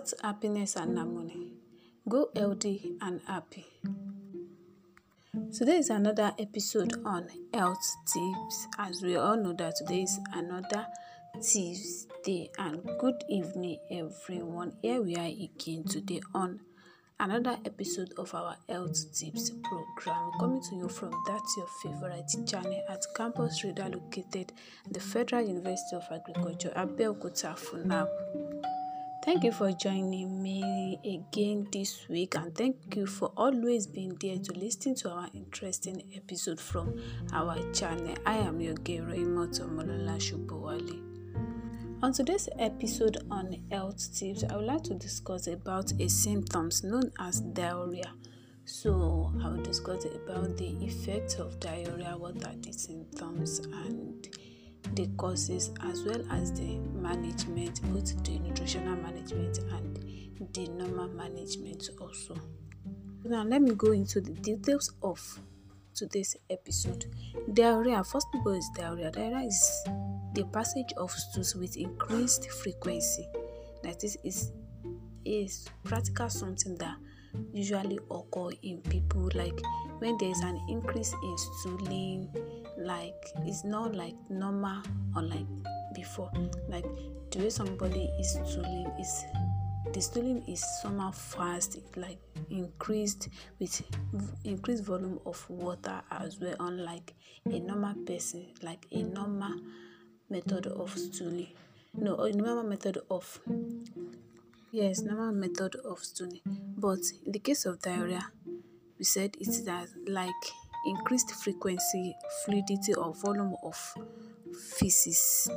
Health, happiness, and harmony. Go healthy and happy. Today is another episode on health tips. As we all know that today is another tips day, and good evening, everyone. Here we are again today on another episode of our health tips program coming to you from that's your favorite channel at campus radar located the federal university of agriculture abeokuta funab Thank you for joining me again this week, and thank you for always being there to listen to our interesting episode from our channel. I am your girl, Imotomolola Shubowale. On today's episode on health tips, I would like to discuss about a symptoms known as diarrhea. So, I will discuss about the effects of diarrhea, what are the symptoms, and the courses as well as the management, both the nutritional management and the normal management also. Now, let me go into the details of today's episode. Diarrhea, first of all, is diarrhea. Diarrhea is the passage of stools with increased frequency. That is, is is practical something that usually occur in people like when there is an increase in stooling like it's not like normal or like before. Like the way somebody is stooling is the stooling is somehow fast, like increased with increased volume of water as well, unlike a normal person, like a normal method of stooling. No, a normal method of yes, normal method of stooling. But in the case of diarrhea, we said it's that like increased frequency, fluidity, or volume of feces,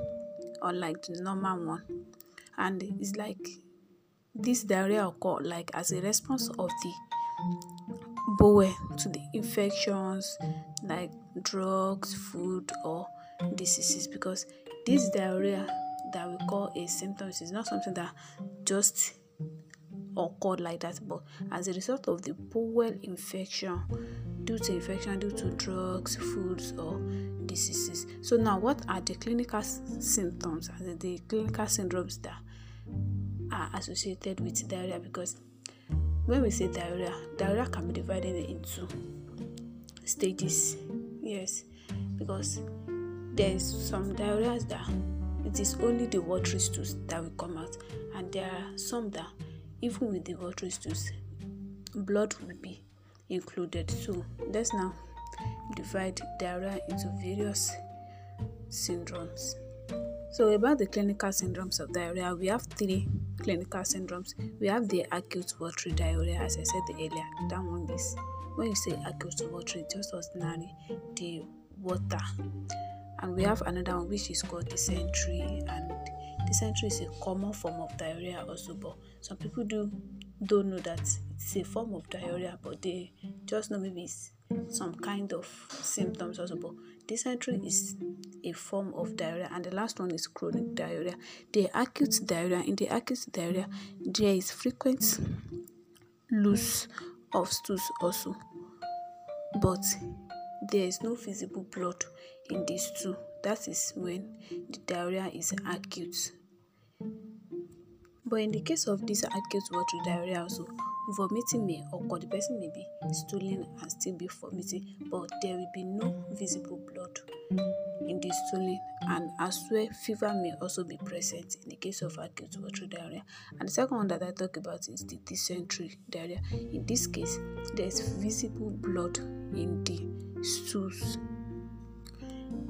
unlike the normal one. And it's like this diarrhea occur like as a response of the bowel to the infections like drugs, food, or diseases because this diarrhea that we call a symptom is not something that just occurred like that, but as a result of the bowel infection due to infection, due to drugs, foods, or diseases. So, now what are the clinical symptoms? Are the clinical syndromes that are associated with diarrhea? Because when we say diarrhea, diarrhea can be divided into stages. Yes, because there's some diarrhea that it is only the watery stools that will come out, and there are some that even with the watery stools, blood will be included. So let's now divide diarrhea into various syndromes. So about the clinical syndromes of diarrhea, we have three clinical syndromes. We have the acute watery diarrhea, as I said earlier. That one is when you say acute watery, just ordinary the water. And we have another one which is called dysentery, and dysentery is a common form of diarrhea also, but some people do don't know that it's a form of diarrhea, but they just know maybe it's some kind of symptoms also. But dysentery is a form of diarrhea, and the last one is chronic diarrhea. The acute diarrhea, in the acute diarrhea, there is frequent loose of stools also, but there is no visible blood in these two. That is when the diarrhea is acute. But in the case of this acute watery diarrhea also, vomiting may occur, the person may be stooling and still be vomiting, but there will be no visible blood in the stooling and as well fever may also be present in the case of acute watery diarrhea. And the second one that I talk about is the dysentery diarrhea. In this case, there is visible blood in the stools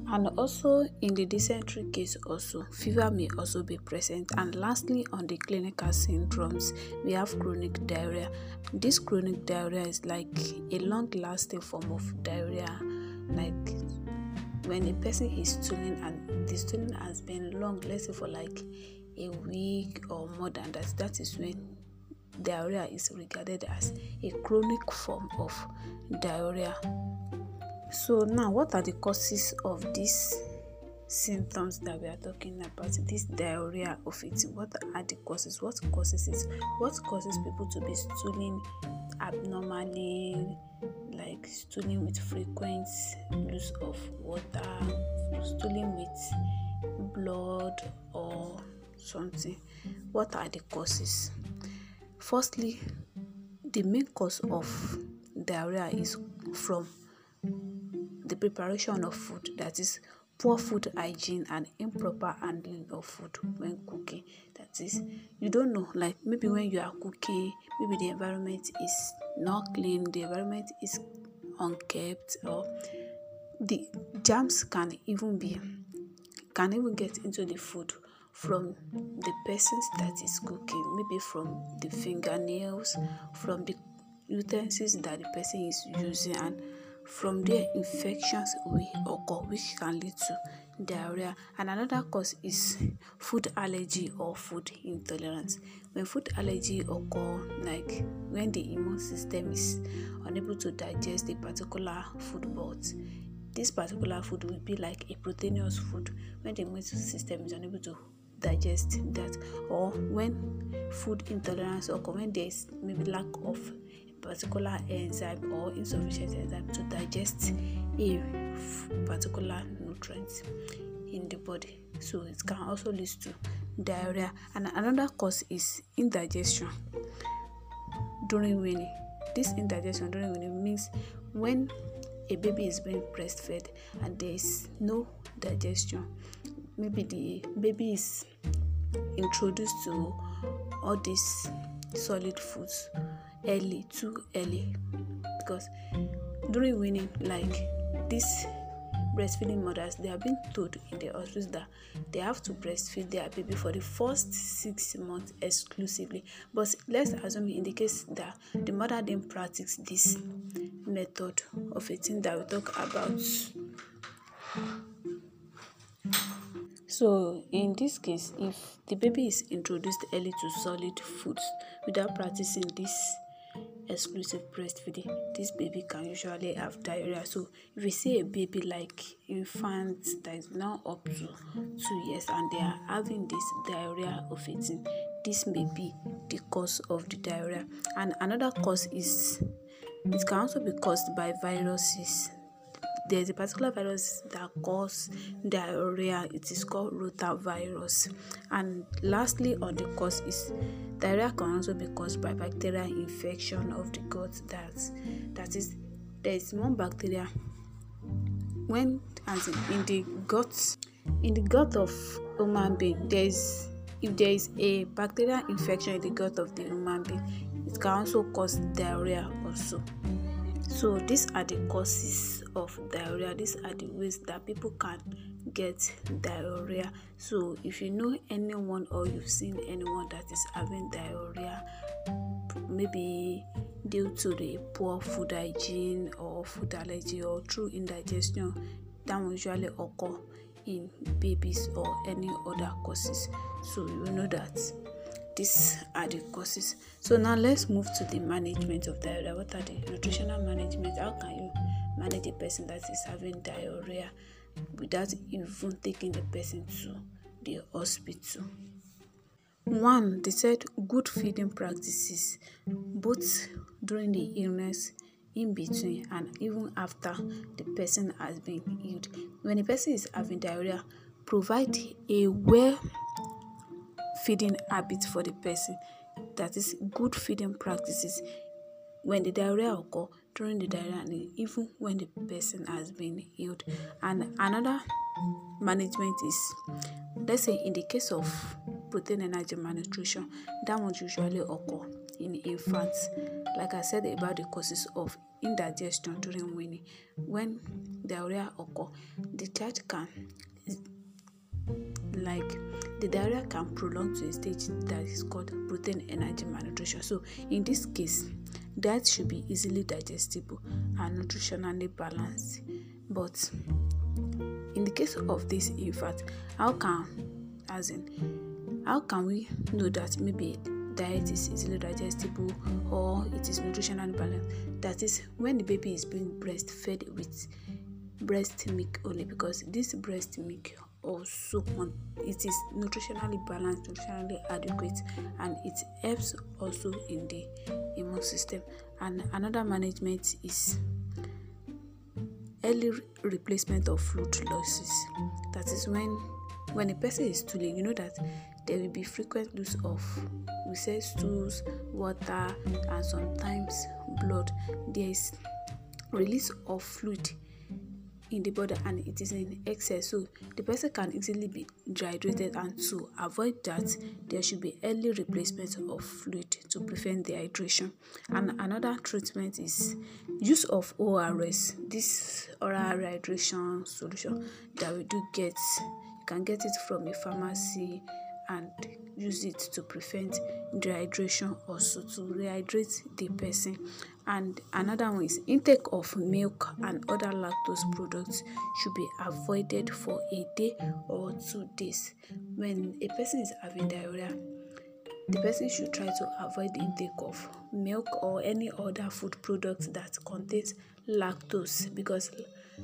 and also in the dysentery case also fever may also be present and lastly on the clinical syndromes we have chronic diarrhea this chronic diarrhea is like a long lasting form of diarrhea like when a person is stooling and the stooling has been long let's say for like a week or more than that that is when diarrhea is regarded as a chronic form of diarrhea So now, what are the causes of these symptoms that we are talking about? This diarrhea of eating. What are the causes? What causes it? What causes people to be stooling abnormally, like stooling with frequent use of water, stooling with blood or something? What are the causes? Firstly, the main cause of diarrhea is from the preparation of food, that is, poor food hygiene and improper handling of food when cooking. That is, you don't know, like maybe when you are cooking, maybe the environment is not clean, the environment is unkept, or the germs can even be can even get into the food from the person that is cooking, maybe from the fingernails, from the utensils that the person is using and from there, infections will occur, which can lead to diarrhea. And another cause is food allergy or food intolerance. When food allergy occur, like when the immune system is unable to digest a particular food, but this particular food will be like a proteinous food when the immune system is unable to digest that, or when food intolerance occur, when there is maybe lack of particular enzyme or insufficient enzyme to digest a particular nutrient in the body. So it can also lead to diarrhea. And another cause is indigestion during weaning. This indigestion during weaning means when a baby is being breastfed and there is no digestion. Maybe the baby is introduced to all these solid foods early, too early, because during weaning, like these breastfeeding mothers, they are being told in the hospitals that they have to breastfeed their baby for the first six months exclusively. But let's assume in the case that the mother didn't practice this method of a thing that we talk about. So, in this case, if the baby is introduced early to solid foods without practicing this exclusive breastfeeding this baby can usually have diarrhea so if you see a baby like infant that is now up to two years and they are having this diarrhea of eating this may be the cause of the diarrhea and another cause is it can also be caused by viruses there's a particular virus that causes diarrhea it is called rotavirus and lastly on the cause is diarrhea can also be caused by bacterial infection of the gut that that is there is one bacteria when as in, in the gut in the gut of human being there is if there is a bacterial infection in the gut of the human being it can also cause diarrhea also So these are the causes of diarrhea. These are the ways that people can get diarrhea. So if you know anyone or you've seen anyone that is having diarrhea, maybe due to the poor food hygiene or food allergy or through indigestion, that usually occur in babies or any other causes. So you know that these are the causes so now let's move to the management of diarrhea what are the nutritional management how can you manage a person that is having diarrhea without even taking the person to the hospital one they said good feeding practices both during the illness in between and even after the person has been healed when a person is having diarrhea provide a well feeding habit for the person that is good feeding practices when the diarrhea occur during the diarrhea and even when the person has been healed and another management is let's say in the case of protein energy malnutrition that would usually occur in infants like i said about the causes of indigestion during weaning when diarrhea occur the child can like the diarrhea can prolong to a stage that is called protein energy malnutrition. So, in this case, diet should be easily digestible and nutritionally balanced. But in the case of this infant, how can as in how can we know that maybe diet is easily digestible or it is nutritionally balanced? That is when the baby is being breastfed with breast milk only because this breast milk or soup on it is nutritionally balanced nutritionally adequate and it helps also in the immune system and another management is early replacement of fluid losses that is when when a person is stooling you know that there will be frequent loss of we say stools water and sometimes blood there is release of fluid in the body and it is in excess so the person can easily be dehydrated and to avoid that there should be early replacement of fluid to prevent dehydration and another treatment is use of ors this oral rehydration solution that we do get you can get it from a pharmacy and use it to prevent dehydration or so to rehydrate the person and another one is intake of milk and other lactose products should be avoided for a day or two days when a person is having diarrhea the person should try to avoid intake of milk or any other food products that contains lactose because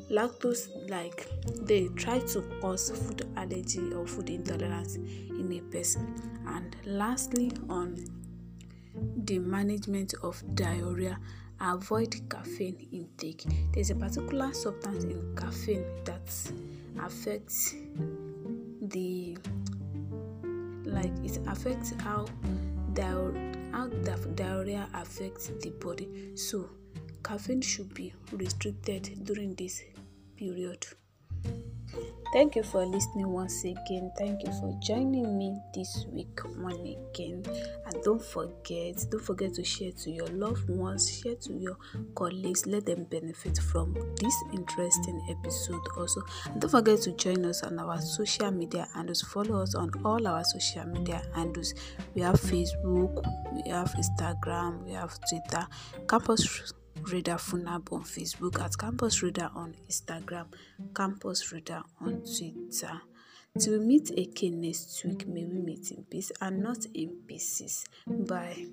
lactose like they try to cause food allergy or food intolerance in a person and lastly on the management of diarrhea avoid caffeine intake there's a particular substance in caffeine that affects the like it affects how diarrhea how diarrhea affects the body so caffeine should be restricted during this period. Thank you for listening once again. Thank you for joining me this week one again. And don't forget, don't forget to share to your loved ones, share to your colleagues. Let them benefit from this interesting episode also. And don't forget to join us on our social media handles. Follow us on all our social media handles. We have Facebook, we have Instagram, we have Twitter, Campus Reader Funab on Facebook, at Campus Reader on Instagram, Campus Reader on Twitter. Till we meet again next week, may we meet in peace and not in pieces. Bye.